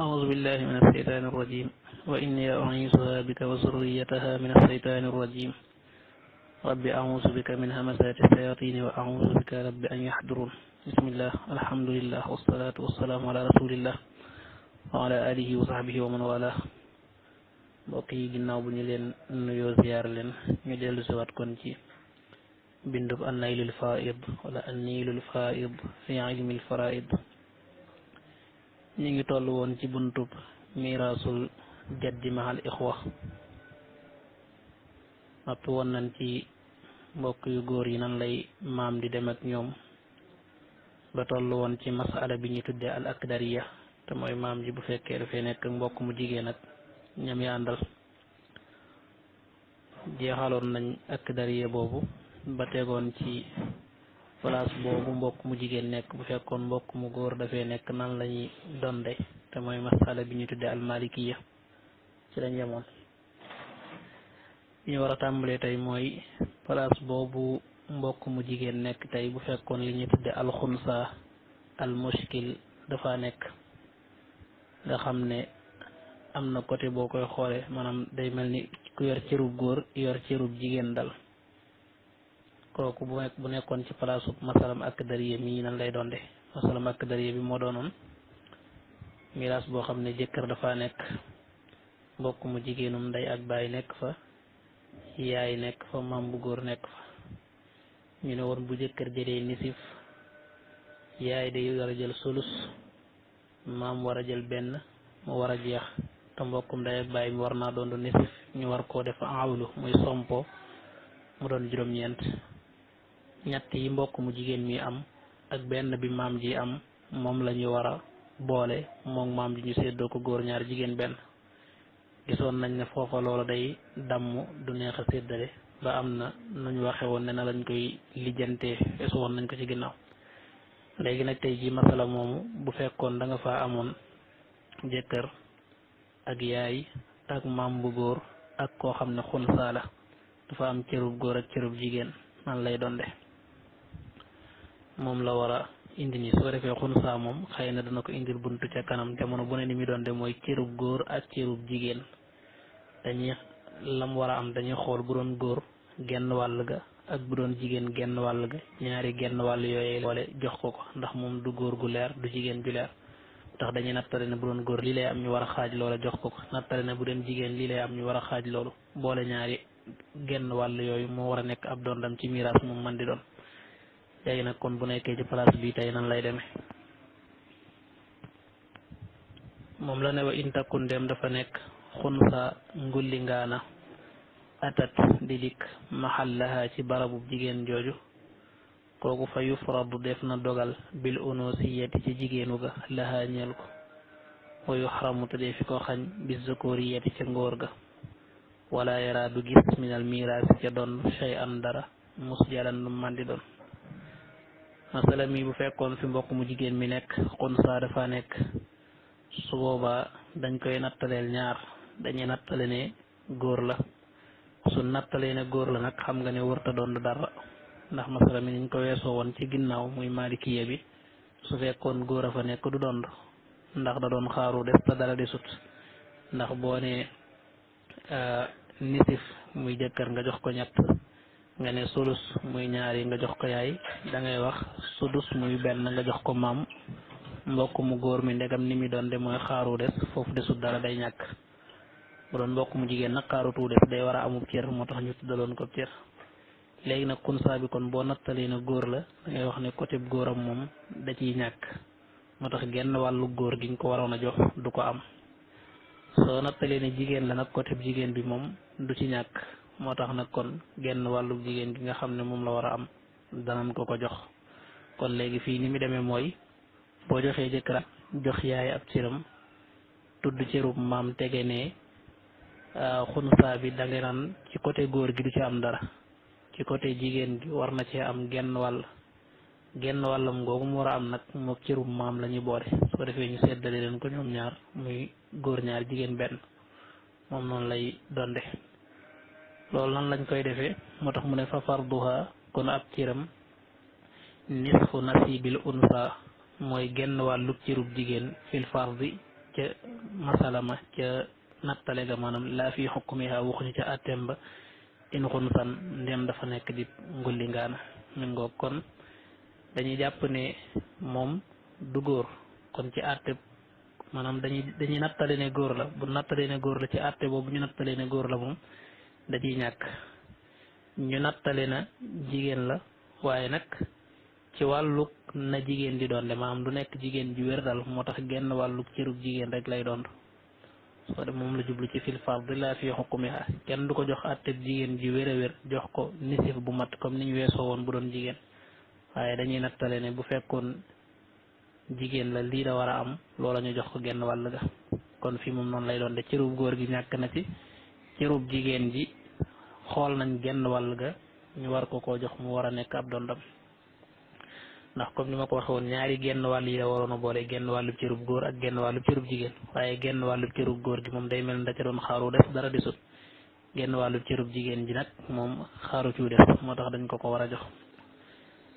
أعوذ بالله من الشيطان الرجيم وإني أعيذها بك وذريتها من الشيطان الرجيم رب أعوذ بك من همزات الشياطين وأعوذ بك رب أن يحضرون بسم الله الحمد لله والصلاة والسلام على رسول الله وعلى آله وصحبه ومن والاه بقي yi ginnaaw لين نيو زيار لين نجل leen كونتي بندب النيل الفائض ولا النيل الفائض في علم الفرائض ñu ngi toll woon ci buntu miraasul jaddi mahal ixwa noppi woon nañ ci mbokk yu góor yi nan lay maam di dem ak ñoom ba toll woon ci masala bi ñu tuddee al akdariya te mooy maam ji bu fekkee dafay nekk mbokk mu jigéen ak ñam yàndal jeexaloon nañ ak akdariya boobu ba tegoon ci place boobu mbokk mu jigéen nekk bu fekkoon mbokk mu góor dafee nekk nan la ñuy donde te mooy masala bi ñu tuddee almalikiya ci lañ yemoon ñu war a tàmbalee tey mooy place boobu mbokk mu jigéen nekk tey bu fekkoon li ñu tuddee alxunsa mushkil dafa nekk nga xam ne am na côté boo koy xoole maanaam day mel ni ku yor cërub góor yor cërub jigéen dal kooku bu bu nekkoon ci place su masalam ak dariye mii na lay doon de masalam ak dariye bi moo doonoon miraas boo xam ne jëkkër dafa nekk mbokk mu jigéenum ndey ak baay nekk fa yaay nekk fa maam bu góor nekk fa ñu ne woon bu jëkkër jëlee nisif yaay day war a jël sulus maam war a jël benn mu war a jeex te mbokkum ndey ak baay mi war naa doon nisif ñu war koo def awlu muy sompo mu doon juróom-ñeent ñett yi mbokk mu jigéen mi am ak benn bi maam ji am moom lañuy ñu war a boole moom maam ji ñu séddoo ko góor ñaari jigéen benn gisoon nañ ne foofa loolu day damm du neex a séddale ba am na nu ñu waxe woon ne na lañ koy lijjantee esu woon nañ ko ci ginnaaw léegi nag tey ji masala moomu bu fekkoon danga fa amoon jëkkër ak yaay ak maam bu góor ak koo xam ne xun saala dafa am cërub góor ak cërub jigéen nan lay doon de moom la war indi nii su ko defee saa moom xëy na dana ko indil buntu ca kanam jamono bu ne ni muy doon de mooy cërub góor ak cërub jigéen dañuy lam war a am dañuy xool bu doon góor genn wàll ga ak bu doon jigéen genn wàll ga ñaari genn wàll yooyu boole jox ko ko ndax moom du góor gu leer du jigéen ju leer ndax dañuy nattale ne bu doon góor lii lay am ñu war a xaaj loola jox ko ko nattale ne bu doon jigéen lii lay am ñu war a xaaj loolu boole ñaari genn wàll yooyu moo war a nekk ab doon dondam ci miraas moom man di doon léegi nag kon bu nekkee ci place bi tey nan lay demee moom la ne in takkun dem dafa nekk xunsa ngullingaana atat di dikk maxallaha ci barabu jigéen jooju kooku fa yufradu def na dogal bil unosiyati ci jigéenu ga laha ñeel ko wa yuxramu te dee fi ko xañ bi zakoriyati ca ga wala yara du gis minal miraasi ca doon shay an dara mus jalan mandi doon masala mi bu fekkoon fi mbokk mu jigéen mi nekk saa dafa nekk su boobaa dañ koy nattaleel ñaar dañuy nattale ne góor la su nattalee ne góor la nag xam nga ne wërta doon dara ndax masala mi niñ ko weesoo woon ci ginnaaw muy maalikiya bi su fekkoon góor a fa nekk du dond ndax da doon xaaru def te dara desut ndax boo ne euh, nisif muy jëkkër nga jox ko ñett nga ne sulus muy ñaari nga jox ko yaay dangay ngay wax sudus muy benn nga jox ko maam mbokk mu góor mi ndegam ni mi doon de mooy xaaru des foofu desul dara day ñàkk bu doon mbokk mu jigéen nag xaarutu des day war a amu cër moo tax ñu tuddaloon ko cër léegi nag kunsa bi kon boo nattalee na góor la da wax ne côté góoram moom da ci ñàkk moo tax genn wàllu góor gi ñu ko waroon a jox du ko am soo nattalee ne jigéen la nag côté jigéen bi moom du ci ñàkk moo tax nag kon genn wàllu jigéen gi nga xam ne moom la war a am danañ ko ko jox kon léegi fii ni mu demee mooy boo joxee jëkkëram jox yaay ab cëram tudd cërub maam tege ne ah, xunsa bi da nga naan ci côté góor gi du ci am dara ci côté jigéen gi war na cee am genn wàll genn wàllam googu mu war a am nag mook cërub maam la ñuy boole su defee ñu seddale leen ko ñoom ñaar muy góor ñaar jigéen benn moom noonu lay donde lol lan lañ koy defé motax mu ne fa farduha kon ab nisfu nasibil unsa moy genn wàllub cirub jigen fil fardhi ci masalama ci natale ga manam la fi hukmiha wu ca ci atemba in xunsan ndem dafa nek di ngulli ngana mi ngoog kon dañuy japp ne mom du gor kon ci atep manam dañuy dañuy natale ne gor la bu natale ne gor la ci àtte bobu ñu natale ne gor la bu da ñàkk ñu nattale na jigéen la waaye nag ci wàllug na jigéen di doon de am du nekk jigéen ji wér dal moo tax genn wàllug cërub jigéen rek lay doon soo de moom la jublu ci fil fardi laa fi hukmiha kenn du ko jox àtteb jigéen ji wér a wér jox ko nisif bu mat comme niñ weesoo woon bu doon jigéen waaye dañuy nattale ne bu fekkoon jigéen la lii da war a am loola ñu jox ko genn wàll ga kon fii moom noonu lay doon de cërub góor gi ñàkk na ci cërub jigéen ji xool nañ genn wàll ga ñu war ko koo jox mu war a nekk ab dondam ndax comme ni ma ko waxe woon ñaari genn wàll yi la waroon a boole genn wàllu cërub góor ak genn wàllu cërub jigéen waaye genn wàllu cërub góor gi moom day mel ne da ca doon xaaru def dara desut genn wàllu cërub jigéen ji nag moom xaaru ciw def moo tax dañ ko ko war a jox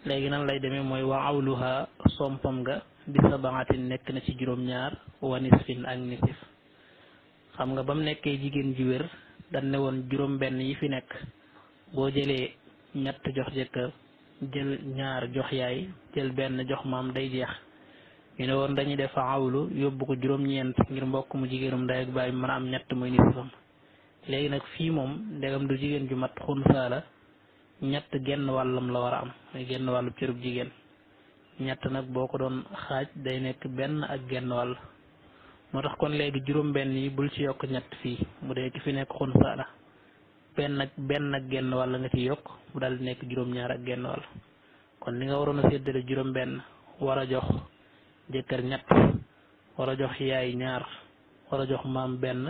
léegi nan lay demee mooy wa awluha sompam nga bi sabaatin nekk na ci juróom-ñaar wa nisfin ak nisif xam nga ba mu nekkee jigéen ji wér dañ woon juróom benn yi fi nekk boo jëlee ñett jox jëkkër jël ñaar jox yaay jël benn jox maam day jeex ñu ne woon dañuy def awlu yóbbu ko juróom-ñeent ngir mbokk mu jigéenum ndey ak baay mën am ñett muy nisfam léegi nag fii moom ndegam du jigéen ju mat xunsaa la ñett genn wàllam la war a am muy genn wàllu cërub jigéen ñett nag boo ko doon xaaj day nekk benn ak genn wàll moo tax kon léegi juróom-benn yi bul ci yokk ñett fii mu dee ki fi nekk xunsa la benn ak benn ak genn walla nga ci yokk mu daal di nekk juróom-ñaar ak genn wàll kon li nga waroon a séddale juróom-benn war a jox jëkkër ñett war jox yaay ñaar war a jox maam benn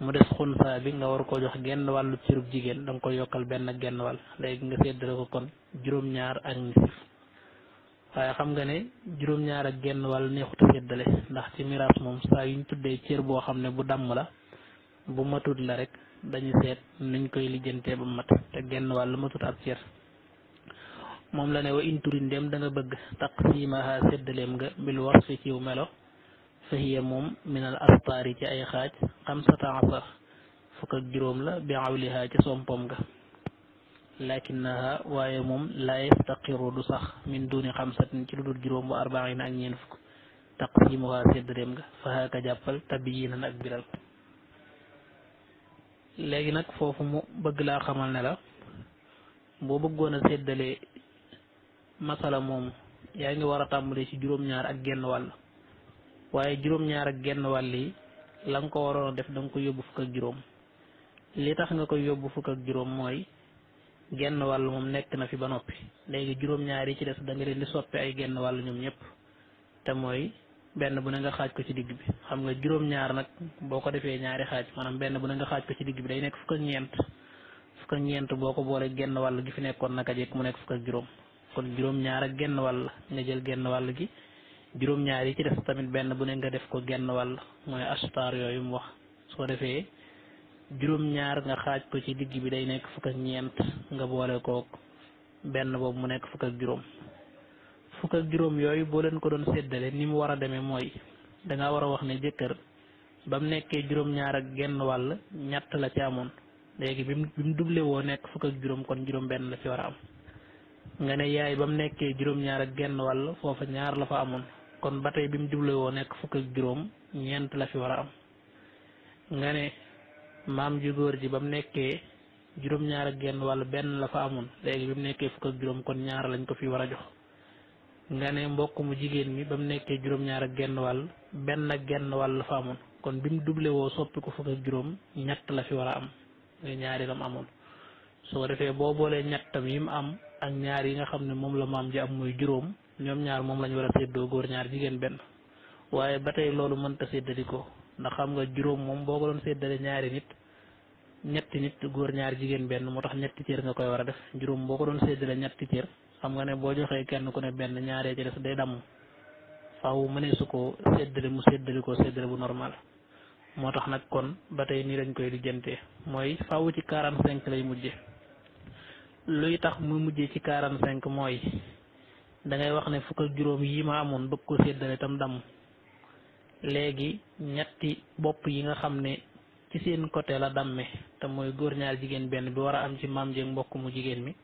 mu des xunsa bi nga war koo jox genn wàllu cirub jigéen da nga koy yokkal benn ak genn wàll léegi nga séddale ko kon juróom-ñaar ak nisif waaye xam nga ne juróom-ñaar ak genn wàll neexut a feddale ndax ci miraas moom saa yuñ tuddee cër boo xam ne bu dàmm la bu matut la rek dañu seet nuñ koy lijjantee ba mat te genn wàll matut ab cër moom la ne wa inturi ndem da nga bëgg taqsimaha séddaleem nga bil wasfi ciw melo fahiya moom minal astaari ci ay xaaj xamsata asar fukk ak juróom la bi awliha ci sompom nga lakinnaha waaye moom laa yaftaqiru du sax min duni xamsatin ci lu dul juróom wa yi nag ñeent fukk taqsimuha séddréem nga fahaaka jàppal tabiyinan ak biral léegi nag foofu mu bëgg laa xamal ne la boo bëggoon a séddale masala moom yaa ngi war a tàmbale ci juróom-ñaar ak genn wàll waaye juróom-ñaar ak genn wàll yi la nga ko waroon a def da nga ko yóbbu fukk ak juróom li tax nga koy yóbbu fukk ak juróom mooy genn wàll moom nekk na fi ba noppi léegi juróom-ñaar yi ci des da leen di soppi ay genn wàll ñoom ñëpp te mooy benn bu ne nga xaaj ko ci digg bi xam nga juróom nag boo ko defee ñaari xaaj maanaam benn bu ne nga xaaj ko ci digg bi day nekk fukk ñeent fukk boo ko boolee genn wàll gi fi nekkoon naka jekk mu nekk fukk ak juróom kon juróom-ñaar ak genn wàll nga jël genn wàll gi juróom-ñaar yi ci des tamit benn bu ne nga def ko genn wàll mooy astaar yooyu mu wax soo defee juróom-ñaar nga xaaj ko ci digg bi day nekk fukk ak ñeent nga boole kook benn boobu mu nekk fukk ak juróom fukk juróom yooyu boo leen ko doon séddale ni mu war a demee mooy da nga war a wax ne jëkkër ba mu nekkee juróom-ñaar ak genn wàll ñett la ci amoon léegi bi mu bi woo nekk fukk ak juróom kon la ci war a am nga ne yaay ba mu nekkee juróom genn wàll foofa ñaar la fa amoon kon ba tey bi mu duble woo nekk fukk ak juróom ñeent la fi war a am nga ne maam ju góor ji ba mu nekkee juróom-ñaar ak genn wàll benn la fa amoon léegi bi mu nekkee fukk ak juróom kon ñaar lañ ko fi war a jox nga ne mbokk mu jigéen mi ba mu nekkee juróom-ñaar ak genn wàll benn genn wàll la fa amoon kon bi mu doublé woo soppi ko fukk ak la fi war a am ñaari la amoon su boo boolee ñettam yi mu am ak ñaar yi nga xam ne moom la maam ji am muy juróom ñoom ñaar moom la ñu war a seddoo góor ñaar jigéen benn waaye ba tey loolu mënta séddali ko ndax xam nga juróom moom boo ko doon séddale ñaari nit ñetti nit góor ñaar jigéen benn moo tax ñetti cër nga koy war a def juróom boo ko doon séddale ñetti cër xam nga ne boo joxee kenn ku ne benn ñaaree ci des day damm faaw mënee su ko séddale mu séddale ko séddale bu normal moo tax nag kon ba tey nii lañ koy lijjantee mooy faaw ci quarante cinq lay mujje luy tax mu mujjee ci quarante cinq mooy dangay wax ne fukk ak juróom yi ma amoon bëgg ko séddale tam damm léegi ñetti bopp yi nga xam ne ci seen côté la damme te mooy góor ñaar jigéen benn bi war a am ci maam jeeg mbokk mu jigéen mi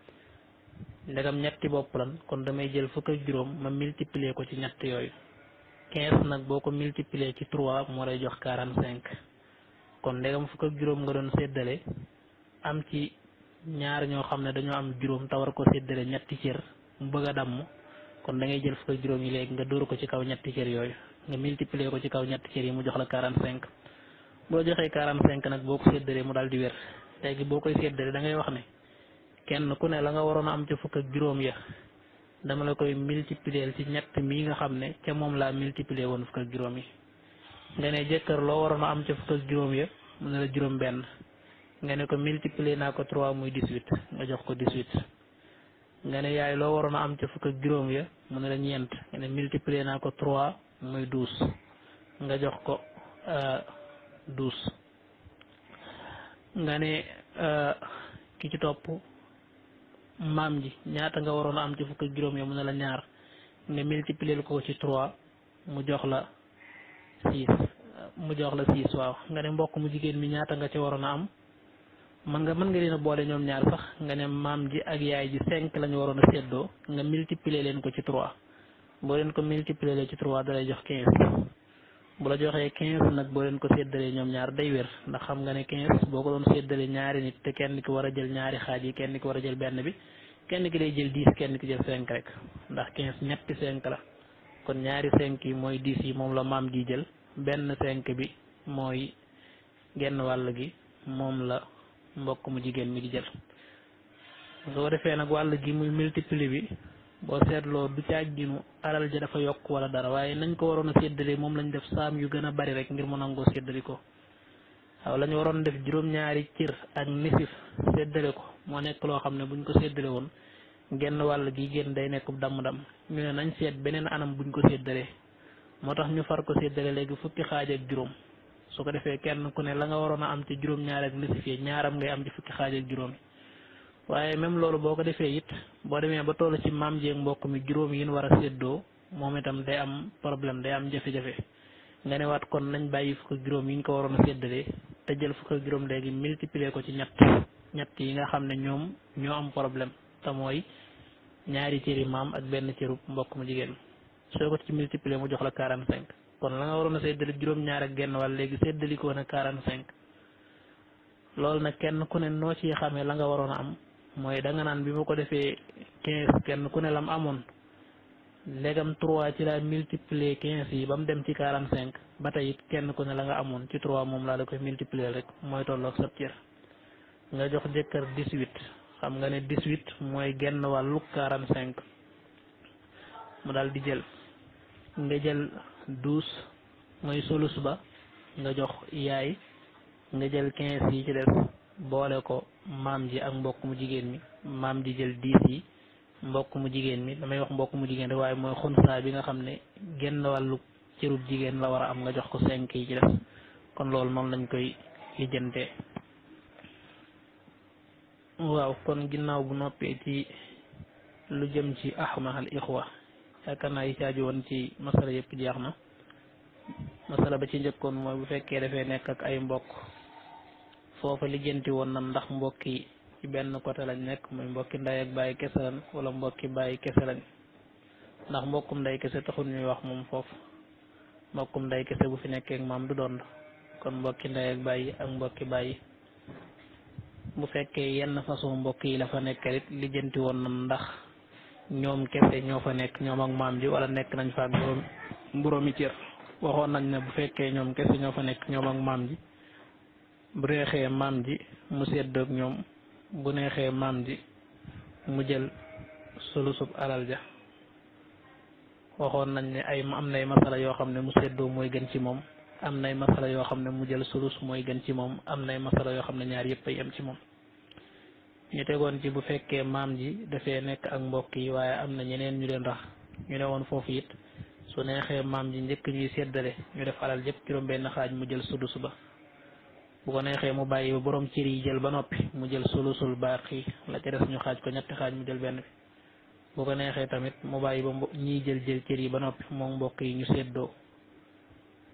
ndegam ñetti bopp lan kon damay jël fukk ak juróom ma multiplier ko ci ñett yooyu quinze boo ko multiplier ci trois moo lay jox quarante cinq kon ndegam fukk ak juróom nga doon séddale am ci ñaar ñoo xam ne dañoo am juróom te war ko séddale ñetti cër mu bëgg a damm kon da ngay jël fukk ak juróom yi léegi nga dóor ko ci kaw ñetti cër yooyu nga multiplier ko ci kaw ñett cër yi mu jox la quarante cinq boo joxee quarante cinq nag boo ko séddalee mu daal di wér léegi boo koy séddalee da ngay wax ne kenn ku ne la nga waroon a am ca fukk ak juróom ya dama la koy multiplier ci ñett mii nga xam ne ca moom laa multiplier woon fukk ak juróom yi nga ne jëkkër loo waroon a am ca fukk ak juróom ya mu ne la juróom benn nga ne ko multiplier naa ko trois muy dix-huit nga jox ko dix nga ne yaay loo waroon a am ca fukk ak juróom ya mu ne la ñeent nga ne multiplier naa ko trois muy douze nga jox ko euh, douze nga ne euh, ki ci topp maam ji ñaata nga waroon a am ci fukk ak juróom ya mu ne la ñaar nga multiplier ko ci troit mu jox la six mu jox la six waaw nga ne mbokk mu jigéen mi ñaata nga ci waroon a am man nga mën nga leen a boole ñoom ñaar sax nga ne maam ji ak yaay ji cinq la ñu waroon a séddoo nga multiplier leen ko ci troit boo leen ko multiplier ci trois dalay jox quinze bu la joxee quinze nag boo leen ko séddalee ñoom ñaar day wér ndax xam nga ne quinze boo ko doon séddalee ñaari nit te kenn ki war a jël ñaari xaaj yi kenn ki war a jël benn bi kenn ki day jël dix kenn ki jël cinq rek ndax quinze ñetti cinq la kon ñaari cinq yi mooy dix yi moom la maam ji jël benn cinq bi mooy genn wàll gi moom la mbokk mu jigéen mi di jël soo defee nag wàll gi muy multiplier bi boo seetloo du càgginu alal ja dafa yokk wala dara waaye nañ ko waroon a seddalee moom lañu def saam yu gën a bari rek ngir mu nangoo séddale ko waaw la ñu waroon def juróom-ñaari cër ak nisif séddale ko moo nekk loo xam ne buñ ko séddale woon genn wàll gi génn day nekk damm-damm ñu ne nañ seet beneen anam buñ ko séddalee moo tax ñu far ko séddale léegi fukki xaaj juróom su ko defee kenn ku ne la nga waroon a am ci juróom-ñaar ak nisif yi ñaaram ngay am ci fukki xaaj ak juróom waaye même loolu boo ko defee it boo demee ba toll ci maam jeeg mbokk mi juróom yi ñu war a séddoo moom itam day am problème day am jafe-jafe nga ne waat kon nañ bàyyi fukk juróom yi ñu ko waroon a te jël fukk juróom léegi multiplier ko ci ñett ñett yi nga xam ne ñoom ñoo am problème te mooy ñaari cëri maam ak benn cëru mbokk mu jigéen ko ci multiplier mu jox la quarante cinq kon la nga waroon a séddale juróom-ñaar ak genn wàll léegi séddalikoo na quarante cinq loolu nag kenn ku ne noo ci xamee la nga waroon a am mooy da nga naan bi ma ko defee quinze kenn ku ne lam amoon léegam trois ci la multiplier quinze yi ba mu dem ci quarante cinq ba tey kenn ku ne la nga amoon ci trois moom laa de koy multiplier rek mooy tolloog sa cër nga jox jëkkër dix huit xam nga ne dix huit mooy genn wàllu quarante cinq mu daal di jël nga jël douze mooy solus ba nga jox yaay nga jël quinze yi ci def boole ko maam ji ak mbokk mu jigéen mi maam ji jël diis yi mbokk mu jigéen mi damay wax mbokk mu jigéen rek waaye mooy xunsaa bi nga xam ne genn wàllu cërub jigéen la war a am nga jox ko cinq yi ci def kon loolu moom lañ koy lijjante waaw kon ginnaaw bu noppee ci lu jëm ci axma al ixwa yaakaar naa yi caaju woon ci masala yëpp jeex na masala ba ci njëkkoon mooy bu fekkee dafay nekk ak ay mbokk foofa lijjanti woon na ndax mbokk yi ci benn côté lañ nekk muy mbokki ndey ak bàyyi kese lañ wala mbokki bàyyi kese lañ ndax mbokkum ndey kese taxul ñuy wax moom foofu mbokkum ndey kese bu fi nekkee maam du doon kon mbokki ndey bàyyi ak mbokki bàyyi bu fekkee yenn façon mbokk yi la fa nekk it lijjanti woon na ndax ñoom kese ñoo fa nekk ñoom ak maam ji wala nekk nañ fa ak boroomi cër waxoon nañ ne bu fekkee ñoom kese ñoo fa nekk ñoom ak maam ji bu neexee maam ji mu seddoog ñoom bu neexee maam ji mu jël sulusub alal ja waxoon nañ ne ay am nay masala yoo xam ne mu seddoo mooy gën ci moom am nay masala yoo xam ne mu jël sulus mooy gën ci moom am nay masala yoo xam ne ñaar yëpp ay yem ci moom ñu tegoon ci bu fekkee maam ji dafee nekk ak mbokk yi waaye am na ñeneen ñu leen rax ñu ne woon foofu it su neexee maam ji njëkk ñuy seddale ñu def alal yëpp juróom benn xaaj mu jël sudus ba bu ko neexee mu bàyyi ba borom cër yi jël ba noppi mu jël solo baax baaqi la ca des ñu xaaj ko ñetti xaaj mu jël benn bi bu ko neexee tamit mu bàyyi ba ñiy jël jël cër yi ba noppi moom mbokk yi ñu séddoo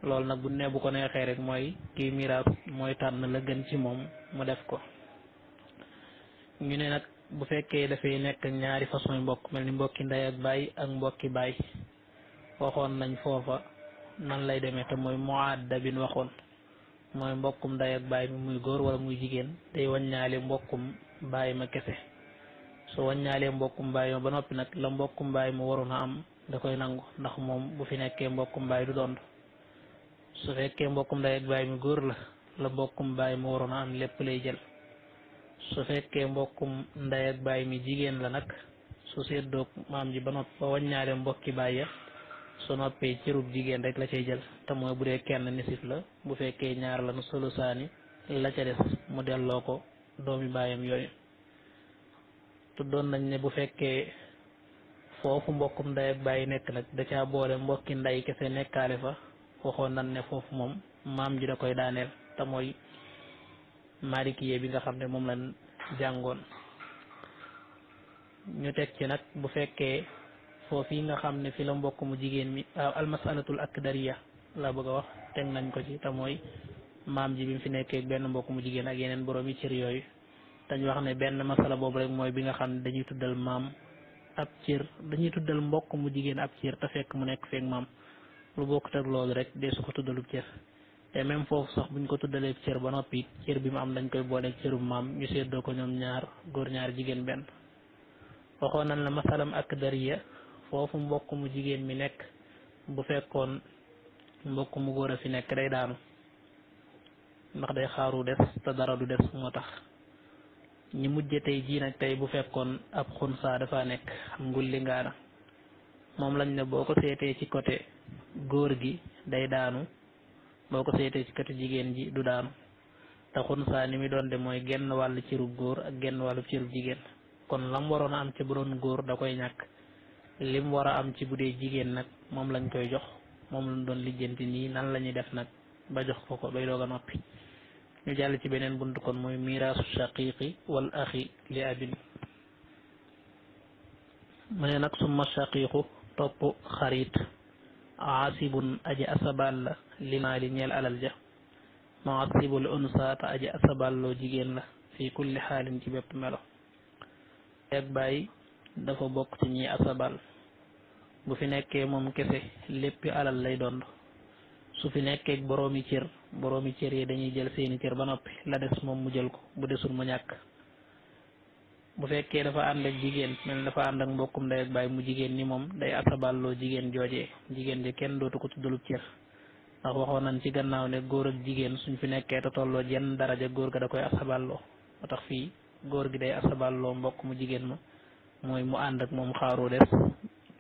nag bu ne bu ko neexee rek mooy kii miraas mooy tànn la gën ci moom mu def ko ñu ne nag bu fekkee dafay nekk ñaari façon mbokk mel ni mbokki ndey ak baay ak mbokki baay waxoon nañ foofa nan lay deme te mooy muaddabin waxoon mooy mbokkum nday ak baay muy góor wala muy jigéen day waññaale mbokkum baay ma kese su waññaalee mbokkum baay ma ba noppi nag la mbokkum baay mu waroon a am da koy nangu ndax moom bu fi nekkee mbokkum baay du dond su fekkee mbokkum nday ak baay góor la la mbokkum baay ma waroon a am lépp lay jël su fekkee mbokkum nday ak baay mi jigéen la nag su seddoog maam ji ba nopp ba waññaale mbokki baay ya su noppee cërub jigéen rek la cay jël te mooy bu dee kenn nisif la bu fekkee ñaar la nu solo saani la ca des mu delloo ko doomi baayam yooyu tuddoon nañ ne bu fekkee foofu mbokkum nday ak bàyyi nekk nag da caa boole mbokki nday kese nekkaale fa waxoon nañ ne foofu moom maam ji da koy daaneel te mooy maalikiye bi nga xam ne moom lañ jàngoon ñu teg ci nag bu fekkee foofu yi nga xam ne fi la mbokk mu jigéen mi ah, almasalatul akdariya la bëgg a wax teg nañ ko ci te mooy maam ji bi mu fi nekkee benn mbokk mu jigéen ak yeneen borom yi cër yooyu dañu wax ne benn masala boobu rek mooy bi nga xam ne dañuy tuddal maam ab cër dañuy tuddal mbokk mu jigéen ab cër te mu nekk feek maam lu bokkut ak loolu rek dee su ko tuddalub cër te même foofu sax buñ ko tuddalee cër ba noppi cër bi mu am dañ koy booleek cërub maam ñu séddoo ko ñoom ñaar góor ñaar jigéen benn waxoon nañ la masalam foofu mbokk mu jigéen mi nekk bu fekkoon mbokk mu góor a fi nekk day daanu ndax day xaaru des te dara du des moo tax ñi mujje tey jii nag tey bu fekkoon ab xunsa dafa nekk xam ngulli ngaana moom lañ ne boo ko seetee ci côté góor gi day daanu boo ko seetee ci côté jigéen ji du daanu te xunsa ni muy doon de mooy genn wàll ciru góor ak genn wàllu ciru jigéen kon lam waroon a am ca bu doon góor da koy ñàkk lim war a am ci bu jigéen nag moom lañ koy jox moom lañ doon lijjanti nii nan la ñuy def nag ba jox ko ko bay doog a noppi ñu jàll ci beneen bunt kon mooy miraasu shaqiqi wal axi li abin mu ne nag summa shaqiqu topp xarit aasibun aji asabal la li maali ñeel alal ja muasibul unsa ta aji asaballoo jigéen la fi kulli xaalin ci bépp melo ak dafa bokk ci ñi asabal bu fi nekkee moom kese léppi alal lay dond su fi nekkee boroomi cër boroomi cër yi dañuy jël seeni cër ba noppi la des moom mu jël ko bu desul mu ñàkk bu fekkee dafa ànd ak jigéen mel dafa ànd ak mbokkum ndey ak baay mu jigéen ni moom day asaballoo jigéen joojee jigéen ji kenn dootu ko tuddalub cër ndax waxoon nañ ci gannaaw ne góor ak jigéen suñ fi nekkee te tolloo jenn daraja góor ga da koy asaballoo moo tax fii góor gi day asaballoo mbokk mu jigéen ma mooy mu ànd ak moom xaaru def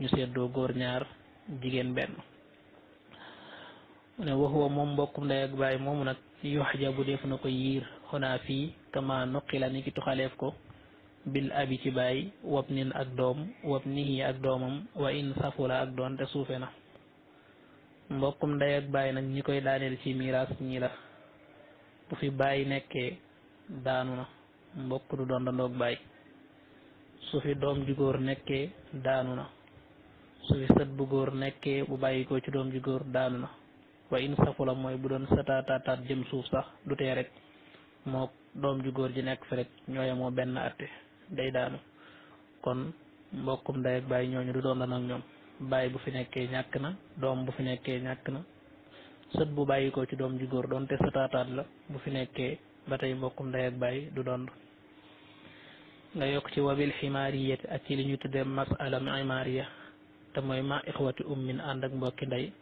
ñu seddoo góor ñaar jigéen benn ne waxuwa moom mbokkum ndey ak baay moomu nag yox jabu def na ko yiir xonaa fii kama nuqila ni ki tuxaleef ko bil abi ci baay wab nin ak doom wab nihi ak doomam wa in safula ak doonte suufe na mbokkum ndey ak baay nag ñi koy daaneel ci miraas ñi la bu fi baay nekkee daanu na mbokk du doon dandoog baay su fi doom ju góor nekkee daanu na su fi sët bu góor nekkee bu bàyyi ko ci doom ju góor daanu na waaye in safu la mooy bu doon sataataataat jëm suuf sax du tee rek moo doom ju góor ji nekk fi rek ñooye moo benn atte day daanu kon mbokkum ndey ak bàyyi ñooñu du doon lan ak ñoom bàyyi bu fi nekkee ñàkk na doom bu fi nekkee ñàkk na sët bu bàyyi ko ci doom ju góor doonte sataataat la bu fi nekkee ba tey mbokkum ndey ak du doon nga yokk ci wabil ximaariyat ak ci li ñu tuddee masala imaariya te mooy ma ixwati ummin ànd ak mbokki ndey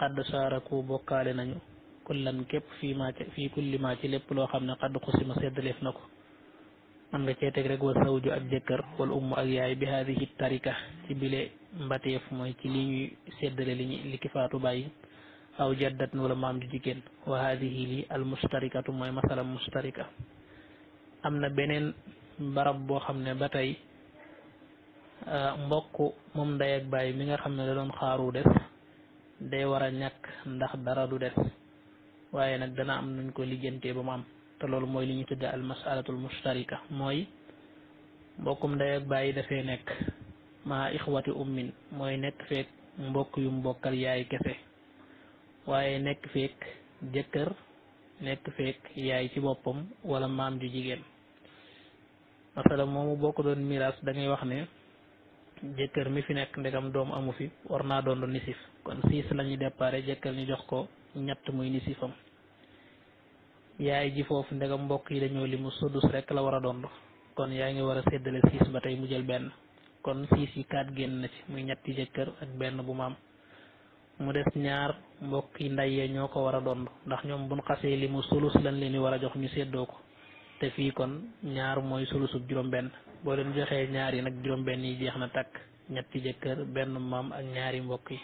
xadd saaraku bokkaale nañu kullan képp fi maa fii kulli maa ci lépp loo xam ne xadd xusima seddaleef na ko man nga cee teg rek wa sawju ak jëkkër wal ummu ak yaay bi haadihi tarika ci bile mbateef mooy ci li ñuy seddale li ñu li faatu bàyyi aw jaddat wala maam jigéen wa haadihi li al mustarikatu mooy masala mustarika am na beneen barab boo xam ne ba tey euh, mbokk moom ndey ak baay mi nga xam ne da doon xaaru def day war a ñàkk ndax dara du def waaye nag dana am nuñ ko lijjantee ba mu am te loolu mooy li ñu tudde al masalatul mustarika mooy mbokkum ndey ak baay dafee nekk maa ixwati ummin mooy nekk feek mbokk yu mbokkal yaay kese waaye nekk feek jëkkër nekk feek yaay ci boppam wala maam ju jigéen masala moomu boo ko doon miraas da ngay wax ne jëkkër mi fi nekk ndegam amu fi war naa doon nisif kon siis la ñuy déparé jëkkër ñu jox ko ñett muy nisifam yaay ji foofu ndegam mbokk yi dañoo limu sudus rek la war a kon yaa ngi war a séddale siis ba tey mu jël benn kon siis yi kaat génn na ci muy ñetti jëkkër ak benn bu maam mu des ñaar mbokk yi ndey yee ya ñoo ko war a doon ndax ñoom buñ xasee limu sulus lañ leen di jox ñu séddoo te fii kon ñaar mooy sulusub juróom-benn boo leen joxee ñaar nag juróom-benn yi jeex na takk ñetti jëkkër benn maam ak ñaari mbokk yi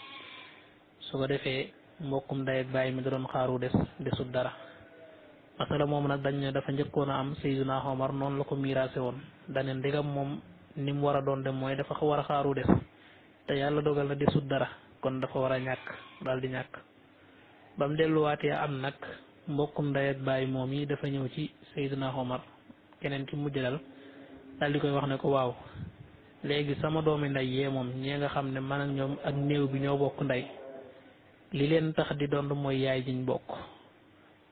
su ko defee mbokkum ndey bàyyi baay mi da doon xaaru des desut dara masala moom nag dañ ne dafa njëkkoon a am Seydina Omar noonu la ko miiraase woon dane ndigam moom ni mu war a doon dem mooy dafa war a xaaru des te yàlla dogal na desut dara kon dafa war a ñàkk dal di ñàkk bam delluwaatee am nag mbokkum ndey ak baay moom yi dafa ñëw ci Seydina Omar keneen ki mujj dal daal di koy wax ne ko waaw léegi sama doomi ndey yee moom ñee nga xam ne man ak ñoom ak néew bi ñoo bokk ndey li leen tax di dond mooy yaay jiñ bokk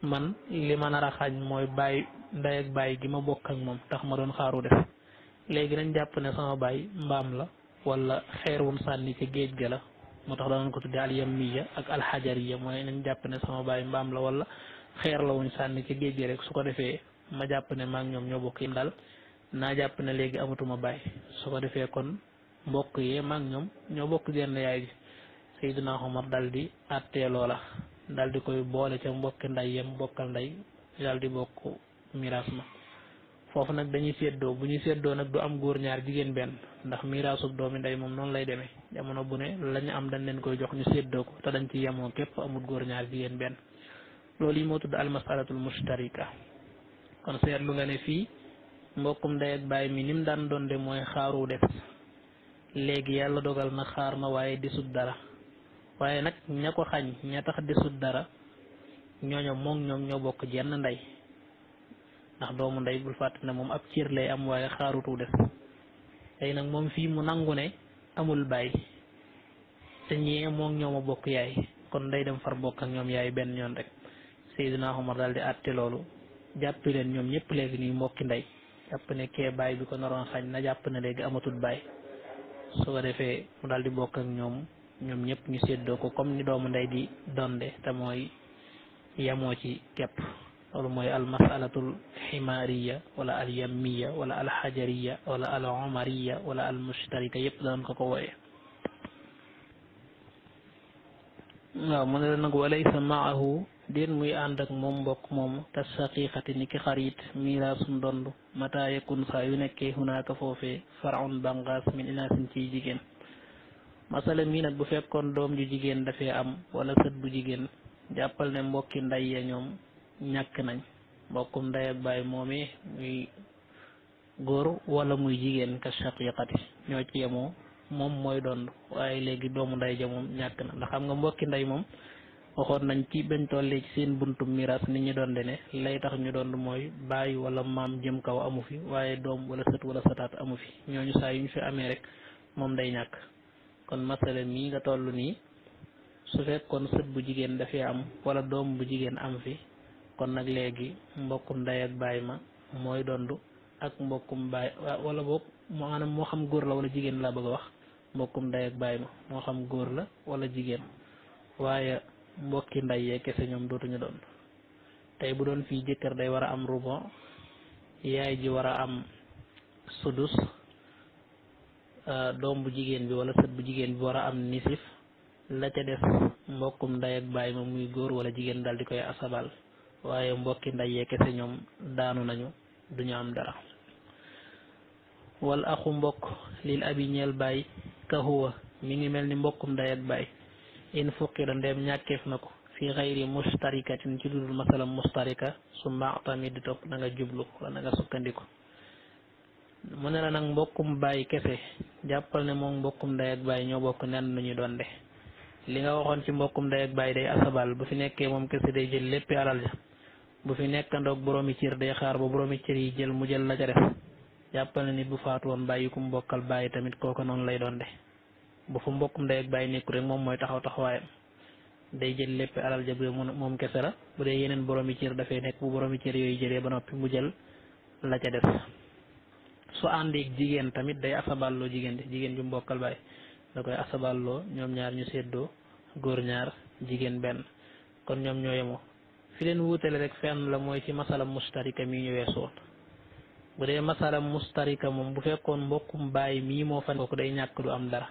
man li ma nar a xañ mooy baay ndey ak baay gi ma bokk ak moom tax ma doon xaaru def léegi dañ jàpp ne sama baay mbaam la walla xeer wum sànni ca géej ga la moo tax danañ ko tuddee al yamiya ak alxajariya mooy nañ jàpp ne sama baay mbaam la wala xeer la wuñ sànni ci géej gi rek su ko defee ma jàpp ne maa ñoom ñoo bokk yim daal naa jàpp ne léegi amatuma baay su ko defee kon mbokk yee maa ñoom ñoo bokk genn yaay ji Seydina Omar dal di àttee loola dal di koy boole ca mbokki nday yam bokkal nday dal di bokk miraas ma foofu nag dañuy séddoo bu ñuy séddoo nag du am góor ñaar jigéen benn ndax miraasub doomi ndey moom noonu lay demee jamono bu ne lañu am dañ leen koy jox ñu séddoo ko te dañ ci yemoo képp amul góor ñaar jigéen benn loolu yi moo tudd almasalatul mushtarika kon seetlu nga ne fii mbokkum ndey ak baay mi nim daan doon de mooy xaaru def léegi yàlla dogal na xaar na waaye desut dara waaye nag ña ko xañ ña tax desut dara ñooño moom ñoom ñoo bokk jenn ndey ndax doomu ndey bul fàtte ne moom ab cër lay am waaye xaarutu def léegi nag moom fii mu nangu ne amul baay te ñee moom ñoo ma bokk yaay kon day dem far bokk ak ñoom yaay benn ñoon rek Seydina Omar daal di àtte loolu jàppi leen ñoom ñëpp léegi ñuy mbokki ndey jàpp ne kee baay bi ko naroon xañ na jàpp na léegi amatul baay su ko defee mu dal di bokk ak ñoom ñoom ñëpp ñu seddoo ko comme ni doomu ndey di donde te mooy yamoo ci képp loolu mooy al masalatul ximaariya wala al yamiya wala al xajariya wala al omariya wala al mushtarika yëpp danañ ko ko wooyee waaw mu ne la nag walaysa maahu déen muy ànd ak moom mbokk moom tas saqiqati ni ki xarit miraasun dond mata yakun saa yu nekkee hunaaka foofee faraun bangaas min inaasin ciy jigéen masala mii nag bu fekkoon doom ju jigéen dafee am wala sët bu jigéen jàppal ne mbokki nday ya ñoom ñàkk nañ mbokkum nday ak baay góor wala muy jigéen ka saqiqati ñoo ci yemoo moom mooy dond léegi doomu nday ja ñàkk na ndax xam nga mbokki nday moom waxoon nañ ci bañ tollee ci seen buntu miraas ni ñu doon ne lay tax ñu doon mooy bàyyi wala maam jëm kaw amu fi waaye doom wala sët wala sataat amu fi ñooñu saa yu ñu fi amee rek moom day ñàkk kon masale mii nga toll nii su fekkoon sët bu jigéen dafee am wala doom bu jigéen am fi kon nag léegi mbokkum ndey ak baay ma mooy dondu ak mbokkum baay wala boog mu moo xam góor la wala jigéen laa bëgg a wax mbokkum ndey ak baay moo xam góor la wala jigéen waaye mbokki nday yee kese ñoom dootuñu doon tey bu doon fii jëkkër day war a am rubon yaay ji war a am sudus euh, doom bu jigéen bi wala sët bu jigéen bi war a am nisif la ca des mbokkum nday ak baay ma muy góor wala jigéen daal di koy asabal waaye mbokki nday yee kese ñoom daanu nañu duñu am dara wal axu mbokk lil abi ñeel baay kahuwa mi ngi mel ni mbokkum nday ak baay in fuqida ndeem ñàkkeef na ko fi xayri mustarikatin ci dudul masalam mustarika su maatamid topp na nga jublu wala na nga sukkandiku mu ne la nag mbokkum bàyyi kese jàppal ne moom mbokkum nday ak bàyyi bokk nenn nu ñu doon de li nga waxoon ci mbokkum nday ak bàyyi day asabal bu fi nekkee moom kese day jël lépp alal ja bu fi nekkandoog boroomi cër day xaar ba boroomi cër yi jël mu jël la ca def jàppal ne nit bu faatu woon bàyyi ku mbokkal bàyyi tamit kooka noonu lay doon de bu fa mbokkum ndey ak bàyyi nekku rek moom mooy taxaw taxawaayam day jël lépp alal ja bu moom kese la bu dee yeneen boroomi cër dafay nekk bu boroomi cër yooyu jëlee ba noppi mu jël la ca des su àndeeg jigéen tamit day asaballoo jigéen di jigéen ju mbokkal baay da koy asaballoo ñoom ñaar ñu séddoo góor ñaar jigéen benn kon ñoom ñoo yemoo fi leen wuutale rek fenn la mooy ci masala mustarika mii ñu weesu woon bu dee masala mustarika moom bu fekkoon am dara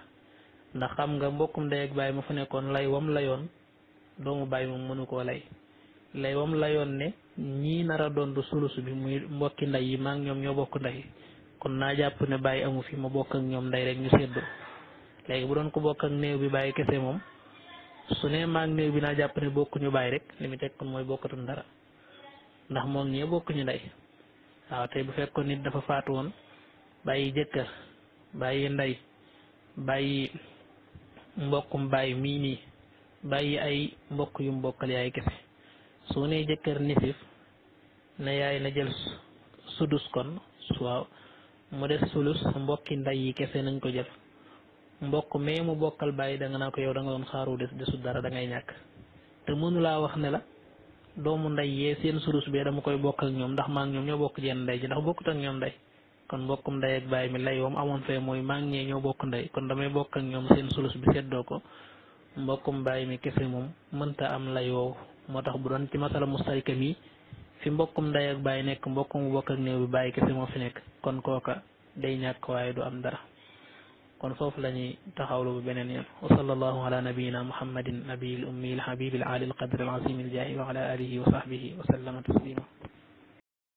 ndax xam nga mbokkum ndey ak baay ma fa nekkoon lay wam layoon doomu baay moom mënu koo lay lay wam layoon ne ñii nara a doon du bi muy mbokki nday yi maa ñoom ñoo bokk ndey kon naa jàpp ne bàyyi amu fi ma bokk ak ñoom ndey rek ñu séddoo léegi bu doon ko bokk ak néew bi baay kese moom su ne maa ngi bi naa jàpp ne bokkuñu bàyyi rek li mu teg kon mooy bokkatuñ dara ndax moom ñee bokkuñu ndey waaw tey bu fekkoon nit dafa faatu woon bàyyi jëkkër bàyyi ndey bàyyi mbokkum baay mii nii bàyyi ay mbokk yu mbokkal yaay kese soo nee jëkkër nisif na yaay na jël sudus kon waaw mu des sulus mbokki nday yi kese nañ ko jël mbokk mee mu bokkal bàyyi danga naa ko yow danga doon xaaru des desu dara dangay ñàkk te mënulaa wax ne la doomu nday yee seen sulus bee dama koy bokk ak ñoom ndax maa ngi ñoom ñoo bokk jenn nday ji ndax bokkut ak ñoom nday kon bokum nday ak baay mi lay wam amon fe moy maa ngi ñoo bokk nday kon damay bokk ak ñom seen sulus bi seddo ko mbokkum baay mi kese mom mënta am lay wo motax bu don ci masala mustarika mi fi mbokkum nday ak baay nek mbokkum bu bokk ak néew bi baay kese mo fi nek kon koka day ñak way du am dara kon fofu lañuy taxawlu bu beneen yoon wa sallallahu ala nabiyyina muhammadin nabiyil ummi al habibi al ali al qadri al azim al jahi wa ala alihi wa sahbihi wa sallama taslima